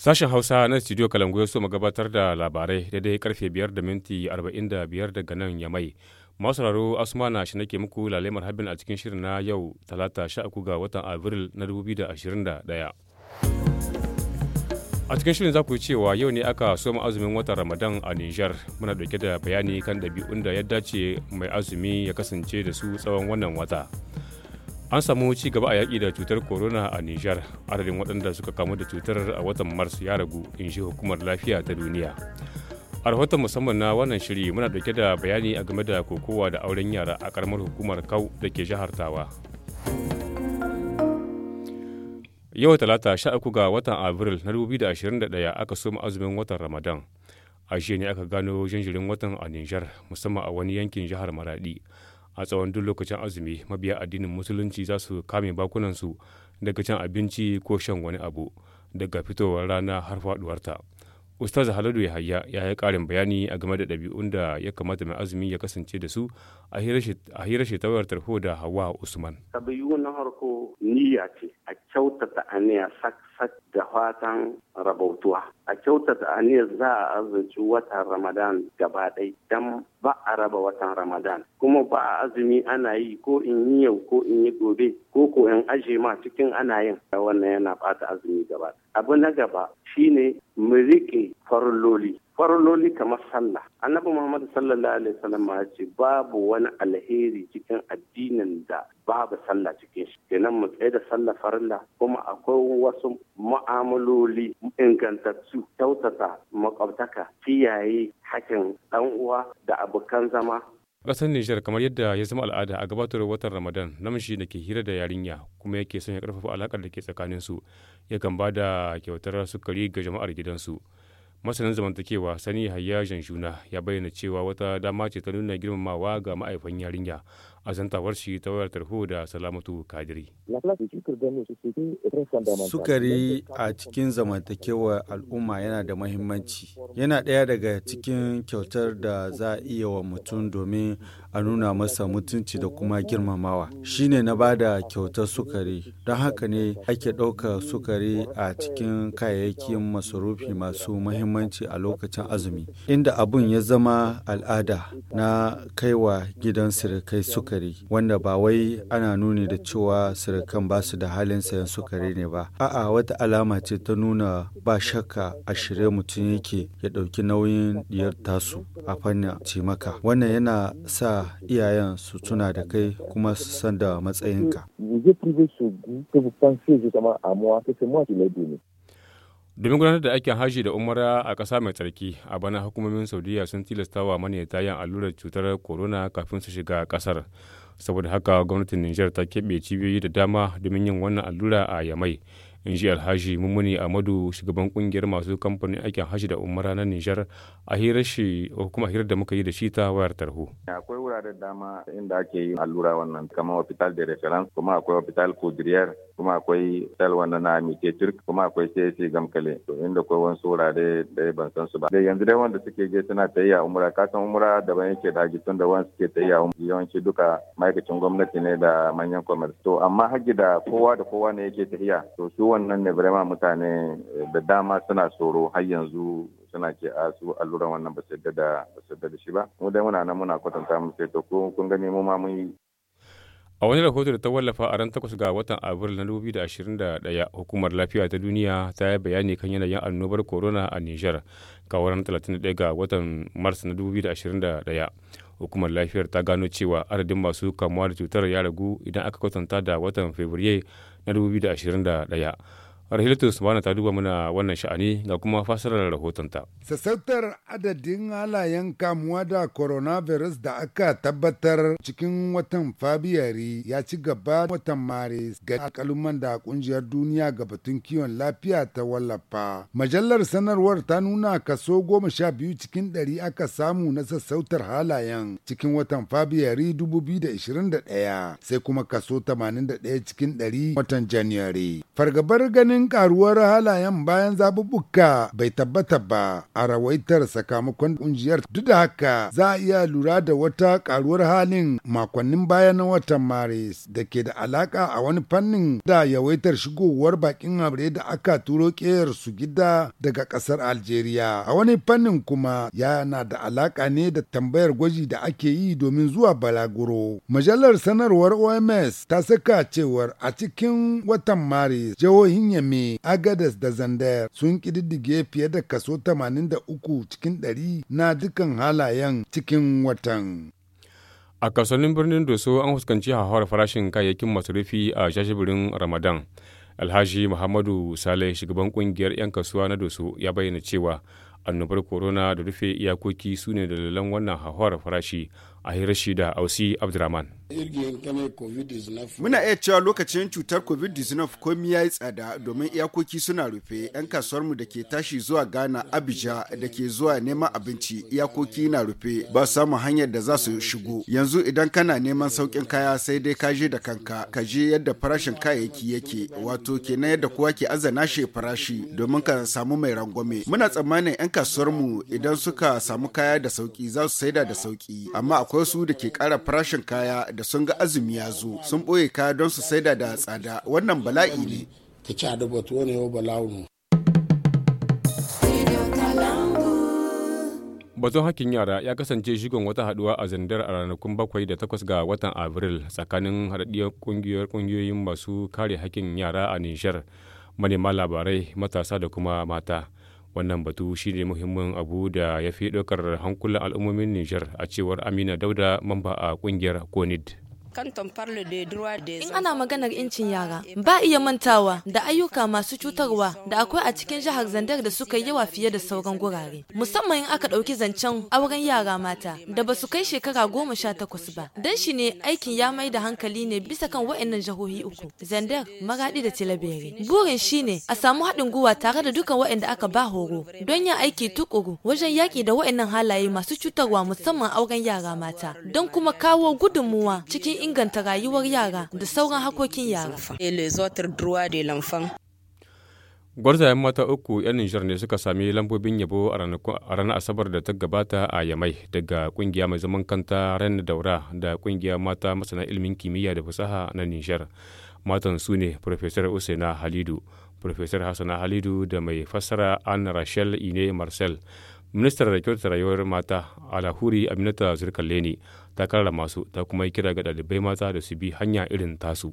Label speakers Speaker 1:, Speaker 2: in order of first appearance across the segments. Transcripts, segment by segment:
Speaker 1: Sashen Hausa na Studio Kalangu ya so mu gabatar da labarai daidai karfe 5 da minti 45 daga nan ya mai. Masararo Asmana shi nake muku lalemar habin a cikin shirin na yau talata uku ga watan Abril na 2021. A cikin shirin za ku cewa yau ne aka soma azumin watan Ramadan a Nijar. Muna dauke da bayani kan ɗabi'un da ya dace mai azumi ya kasance da su tsawon wannan wata. an samu ci gaba a yaƙi da cutar corona a nijar adadin waɗanda suka kamu da cutar a watan mars ya ragu in shi hukumar lafiya ta duniya a rahoton musamman na wannan shiri muna dauke da bayani a game da kokowa da auren yara a ƙaramar hukumar kau da ke jihar tawa yau talata sha uku ga watan abril na 2021 aka soma azumin watan ramadan a ne aka gano jinjirin watan a nijar musamman a wani yankin jihar maraɗi. a tsawon duk lokacin azumi mabiya addinin musulunci za su kame bakunansu daga cin abinci ko shan wani abu daga fitowar rana har faduwarta ustaz haladu yahaya ya yi karin bayani a game da ɗabi'un da ya kamata mai azumi ya kasance da su a hirar shi tawayar tarho da hawa usman ɗabi'u na harko niyya ce a kyautata aniya sak da fatan rabautuwa a kyautata aniyar za a azumci watan ramadan gaba ɗai don ba a raba watan ramadan kuma ba a azumi ana yi ko in yi yau ko in yi gobe ko ko in aje ma cikin ana yin wannan yana bata azumi gaba abu na gaba shine mu riƙe farloli farloli kamar sallah annabi muhammad sallallahu alaihi wasallam ya
Speaker 2: ce babu wani alheri cikin addinin da babu sallah cikin shi kenan mu
Speaker 1: tsaye da sallah farilla kuma akwai wasu mu'amaloli ingantattu kyautata makwabtaka kiyaye hakin dan uwa da abokan zama ƙasar Nijar kamar yadda ya zama al'ada a gabatar watan Ramadan namiji da ke hira da yarinya kuma yake son ya karfafa alakar da ke tsakanin tsakaninsu yakan ba da kyautar sukari ga jama'ar gidansu. masanin zamantakewa sani hayya juna ya bayyana cewa wata dama ce ta nuna girmamawa ga ma'aifan yarinya a zantawar shi ta wayar tarho da salamatu kadiri.
Speaker 3: Sukari
Speaker 2: a cikin zamantakewar al'umma yana da mahimmanci. Yana ɗaya daga cikin kyautar da za a iya wa mutum domin a nuna masa mutunci da kuma girmamawa. Shi ne na bada kyautar sukari. Don haka ne ake ɗaukar sukari a cikin kayayyakin masarufi masu mahimmanci a lokacin azumi. Inda abun ya zama al'ada na kaiwa gidan sirikai sukari. sukari wanda ba wai ana nuni da cewa sirikan ba su da halin sayan sukari ne ba a'a wata alama ce ta nuna ba shakka a shirye mutum yake ya ɗauki nauyin diyar tasu a fannin cimaka wannan yana sa iyayen su tuna da kai kuma su san da matsayinka.
Speaker 1: domin gudanar da aikin haji da umara a ƙasa mai tsarki a bana hukumomin saudiya sun tilasta wa maniyata yin allurar cutar corona kafin su shiga ƙasar saboda haka gwamnatin niger ta keɓe cibiyoyi da dama domin yin wannan allura a yamai in ji alhaji mummuni amadu shugaban kungiyar masu kamfanin aikin haji da umara na nijar a hirar shi kuma hirar da muka yi da shi ta wayar tarho akwai wuraren dama inda ake yin allura wannan kamar hospital de reference kuma akwai hospital kudiriyar. kuma akwai salwa na ke turk kuma akwai csc gamkale to inda akwai wani wurare da ban san su ba dai yanzu dai wanda suke je suna tayya umra ka san umra daban yake da haji tun da wani suke tayya umra yawanci duka ma'aikacin gwamnati ne da manyan kwamar to amma haji da kowa da kowa ne yake tahiya to su wannan ne vraiment mutane da dama suna tsoro har yanzu suna ce a su alluran wannan ba su yadda da shi ba mu dai muna nan muna kwatanta mu sai to kun gani mu ma mun yi A wani rahoto da ta wallafa a ran 8 ga watan Abril na 2021, hukumar lafiya ta duniya ta yi bayani kan yanayin annobar corona a Nijar ga ran 31 ga watan Mars na 2021. Hukumar lafiyar ta gano cewa adadin masu kamuwa da cutar ya ragu idan aka kwatanta da watan Fabrairu na 2021. Rahilatu Sumana ta duba mana wannan sha'ani ga kuma fasarar rahotonta.
Speaker 4: Sassautar adadin halayen kamuwa da coronavirus da aka tabbatar cikin watan Fabiyari ya ci gaba watan Maris ga akaluman da kungiyar duniya ga batun kiwon lafiya ta wallafa. Majallar sanarwar ta nuna kaso goma sha biyu cikin ɗari aka samu na sassautar halayen cikin watan Fabiyari 2021 sai kuma kaso 81 cikin ɗari watan Janairu. Fargabar ganin Alhakin karuwar halayen bayan zaɓuɓɓuka bai tabbata ba a rawaitar sakamakon ƙungiyar duk da haka za a iya lura da wata karuwar halin makonnin baya na watan Maris da ke da alaƙa a wani fannin da yawaitar shigowar bakin habre da aka turo ƙeyar su gida daga ƙasar Algeria. A wani fannin kuma yana da alaƙa ne da tambayar gwaji da ake yi domin zuwa balaguro. Majalar sanarwar OMS ta saka cewar a cikin watan Maris jihohin Yemen Niamey, Agadez da Zander sun ƙididdige fiye da kaso 83 cikin 100 na dukkan halayen cikin watan.
Speaker 1: A kasuwannin birnin Doso an fuskanci hauhawar farashin kayayyakin masarufi a shashibirin Ramadan. Alhaji Muhammadu sale shugaban kungiyar 'yan kasuwa na Doso ya bayyana cewa annobar corona da rufe iyakoki su ne dalilan wannan hauhawar farashi a hira da ausi abdurrahman muna iya cewa lokacin cutar
Speaker 2: covid-19 komi ya yi tsada domin iyakoki suna rufe 'yan kasuwarmu da ke tashi zuwa ghana abuja da ke zuwa neman abinci iyakoki na rufe ba samun hanyar da za su shigo yanzu idan kana neman sauƙin kaya sai dai ka je da kanka ka je yadda farashin kayayyaki yake wato kenan yadda kowa ke azana shi farashi domin ka samu mai rangwame muna tsammanin 'yan kasuwarmu idan suka samu kaya da sauƙi, za su saida da sauki amma akwai su da ke kara farashin kaya da sun ga azumi ya zo sun ɓoye kaya don su saida da tsada wannan bala'i ne.
Speaker 1: Batun hakkin yara ya kasance shigon wata haduwa a zandar a ranakun bakwai da takwas ga watan Abril tsakanin haɗaɗɗiyar ƙungiyoyin kungiyoyin masu kare hakkin yara a nishar manema labarai, matasa da kuma mata. wannan batu shine muhimmin abu da ya fi ɗaukar hankulan al'ummomin nijar a cewar amina dauda mamba a ƙungiyar konid
Speaker 2: In ana maganar incin yara, ba iya mantawa da ayyuka masu cutarwa da akwai a cikin jihar Zandar da suka yi yawa fiye da sauran gurare. Musamman in aka ɗauki zancen auren yara mata da ba su kai shekara goma sha takwas ba. Dan shi ne aikin ya mai da hankali ne bisa kan wa'annan jihohi uku, Zandar, Maradi da Tilabere. Burin shi ne a samu haɗin gwiwa tare da dukan wa'anda aka ba horo don yin aiki tuƙuru wajen yaƙi da wa'annan halaye masu cutarwa musamman auren yara mata don kuma kawo gudunmuwa cikin inganta rayuwar yara da sauran hakokin yara.
Speaker 1: Gwarzayen mata uku 'yan Nijar ne suka sami lambobin yabo a ranar Asabar da ta gabata a Yamai daga kungiya mai zaman kanta Ren Daura da kungiya mata masana ilimin kimiyya da fasaha na Nijar. Matan su ne Profesor Usaina Halidu, Profesor Hassana Halidu da mai fassara anna Rachel Ine Marcel. Ministar da kyautar rayuwar mata Alahuri Aminata Zirkaleni ta karrama su ta kuma yi kira ga ɗalibai mata da su bi hanya irin tasu.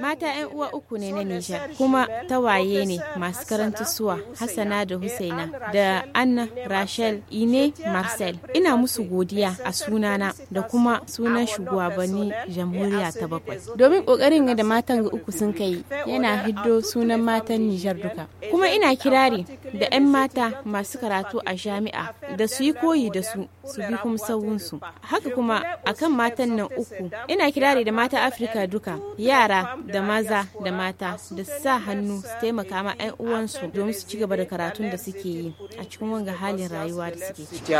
Speaker 4: Mata 'yan uwa uku ne na Nijar kuma ta waye ne masu karanta suwa Hassana da Husaina da Anna Rachel Ine Marcel. Ina musu godiya a sunana da kuma sunan shugabanni jamhuriya ta bakwai. Domin ƙoƙarin da matan ga uku sun kai yana hiddo sunan matan Nijar duka. Kuma ina kirari da 'yan mata masu karatu a jami'a da su yi koyi da su su bi kuma sauwinsu. Haka kuma akan matan nan uku ina kirari da mata afirka duka yara da maza da mata da sa hannu su taimaka ma 'yan uwansu domin su ci gaba da karatun da suke yi a cikin wanga halin rayuwa da suke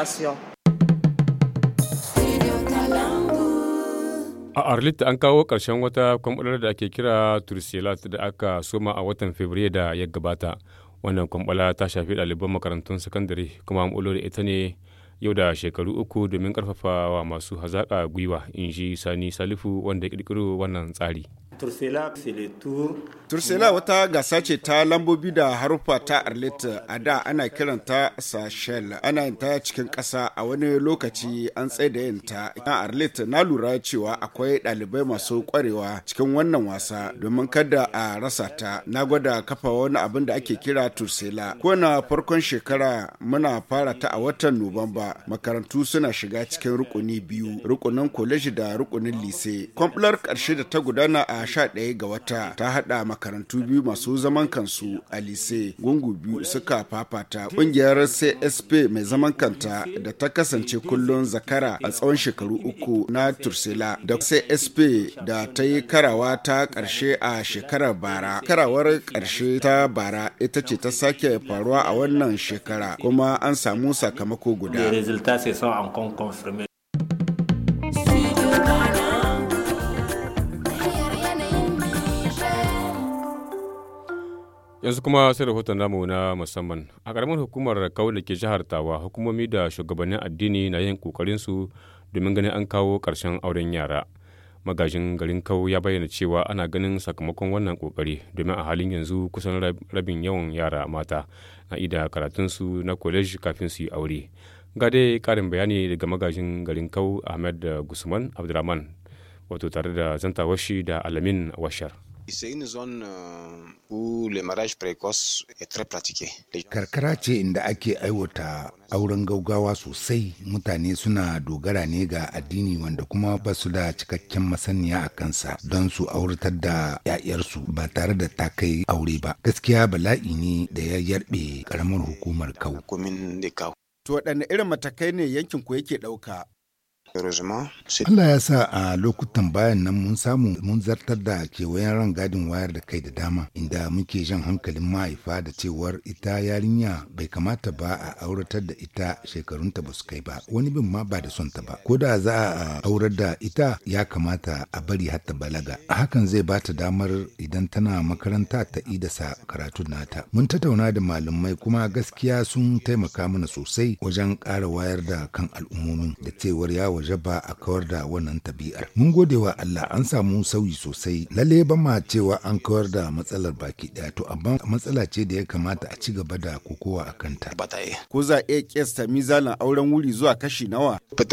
Speaker 1: A Arlit an kawo ƙarshen wata kwamɓalar da ake kira Tursilat da aka soma a watan Fabrairu da ya gabata. Wannan kwamɓala ta shafi ɗaliban makarantun sakandare kuma am'ulo ita ne yau da shekaru uku domin ƙarfafa wa masu hazaƙa gwiwa in ji sani salifu wanda ya ƙirƙiro wannan tsari Tursela
Speaker 2: Tursela wata gasa ce ta lambobi da haruffa ta arlet a da ana kiranta Sashel ana yin ta cikin ƙasa a wani lokaci an tsaida yin ta. Na Arlette na lura cewa akwai ɗalibai masu ƙwarewa cikin wannan wasa domin kada a rasa ta. Na gwada kafa wani abin da ake kira Tursela. Ko na farkon shekara muna fara ta a watan Nuwamba makarantu suna shiga cikin rukuni biyu rukunin kwaleji da rukunin lise. Kwamfular ƙarshe da ta gudana a 11 ga wata ta hada makarantu biyu masu zaman kansu a lise gungu biyu suka fafata kungiyar csp mai zaman kanta da ta kasance kullun zakara a tsawon shekaru uku na tursila da csp da ta yi karawa ta karshe a shekarar bara karawar karshe ta bara ita ce ta sake faruwa a wannan shekara kuma an samu sakamako guda
Speaker 1: yanzu kuma sai rahoton namu na musamman a ƙaramin hukumar kawo da ke jihar tawa hukumomi da shugabannin addini na yin su domin ganin an kawo ƙarshen auren yara magajin garin kau ya bayyana cewa ana ganin sakamakon wannan ƙoƙari domin a halin yanzu kusan rabin yawan yara mata na ida su na kwaleji kafin su yi aure ga dai ƙarin bayani daga magajin garin kawo ahmed gusman abdulrahman wato tare da zantawashi washi da alamin washar C'est
Speaker 2: une zone uh,
Speaker 1: Karkara ce inda
Speaker 3: ake aiwata auren gaugawa sosai mutane suna dogara ne ga addini wanda kuma ba su da cikakken masaniya a kansa don su auratar da 'ya'yarsu ba tare da ta kai aure ba. Gaskiya bala'i ne da ya yarbe karamar hukumar kau.
Speaker 2: To waɗanne irin matakai ne yankin ku yake ɗauka
Speaker 3: Allah ya sa a lokutan bayan nan mun samu mun zartar da kewayen rangadin wayar da kai da dama inda muke jan hankalin mahaifa da cewar ita yarinya bai kamata ba a auratar da ita shekarunta ba su kai ba wani bin ma ba da son ta ba ko da za a aurar da ita ya kamata a bari hatta balaga hakan zai ba ta damar idan tana makaranta ta idasa karatu nata mun tattauna da malamai kuma gaskiya sun taimaka mana sosai wajen ƙara wayar da kan al'ummomin da cewar yawo waje ba a kawar da wannan tabi'ar. Mun gode wa Allah an samu sauyi sosai. Lalle ba ma cewa an kawar da matsalar baki ɗaya to amma matsala ce da ya kamata a ci gaba da kokowa a kanta.
Speaker 2: Ko za iya kesta mizalin auren wuri zuwa kashi nawa? To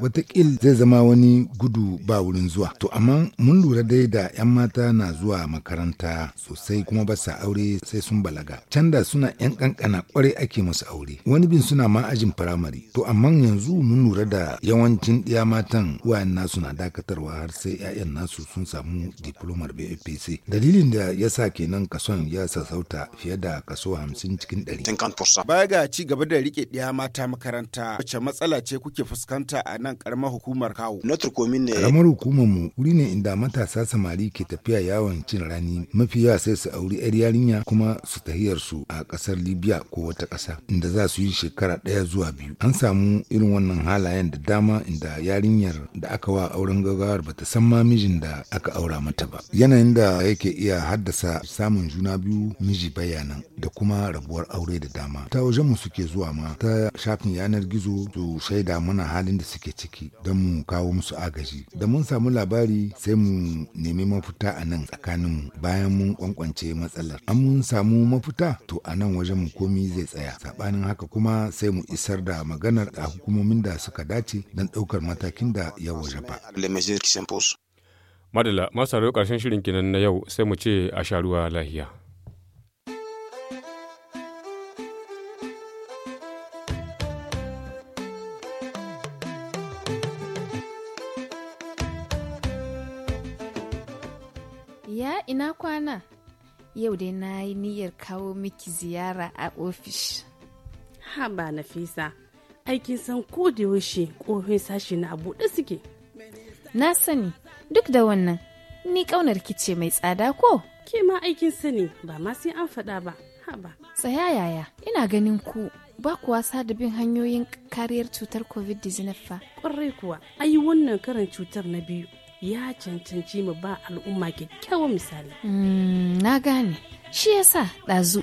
Speaker 3: watakil zai zama wani gudu ba wurin zuwa. To amma mun lura dai da 'yan mata na zuwa makaranta sosai kuma ba sa aure sai sun balaga. Can da suna 'yan kankana kwarai ake musu aure. Wani bin suna ma'ajin firamare. To amma yanzu mun lura da yawan yawancin ɗiya matan wayan nasu na dakatarwa har sai 'ya'yan nasu sun samu diplomar bfpc dalilin da ya sa kenan kason ya sassauta fiye da kaso 50 cikin 100
Speaker 2: baya ga ci gaba da rike ɗiya mata makaranta wacce matsala ce kuke fuskanta a nan karamar hukumar kawo karamar
Speaker 3: hukumar mu wuri ne inda matasa samari ke tafiya yawon cin rani mafi yawa sai su auri 'yar yarinya kuma su tahiyar su a ƙasar libya ko wata ƙasa inda za su yi shekara ɗaya zuwa biyu an samu irin wannan halayen da dama inda yarinyar da aka wa auren gaggawar bata san ma mijin da aka aura mata ba yanayin da yake iya haddasa samun juna biyu miji bayanan da kuma rabuwar aure da dama ta wajen mu suke zuwa ma ta shafin yanar gizo su shaida mana halin da suke ciki don mu kawo musu agaji da mun samu labari sai mu nemi mafita a nan tsakanin mu bayan mun kwankwance matsalar an mun samu mafita to a nan wajen mu komi zai tsaya sabanin haka kuma sai mu isar da maganar a hukumomin da suka dace don ɗaukar matakin
Speaker 1: da ya waje ba. Madala, masu taro ƙarshen shirin kinan na yau sai mu ce a sha lahiya.
Speaker 2: Ya ina kwana? Yau dai na yi niyyar kawo miki ziyara a ofis. Ha ba na fisa. aikin san ko da yaushe ƙofin sashi na buɗe suke na sani duk da wannan ni ƙaunar kice mai tsada ko ke ma aikin sani ba ma sai an faɗa ba haba tsaya yaya ina ganin ku ba kuwa wasa da bin hanyoyin kariyar cutar covid-19 fa ƙwarai kuwa ayi wannan karin cutar na biyu ya cancanci mu ba al'umma kyakkyawan misali. Hmm, na gane, shi yasa ɗazu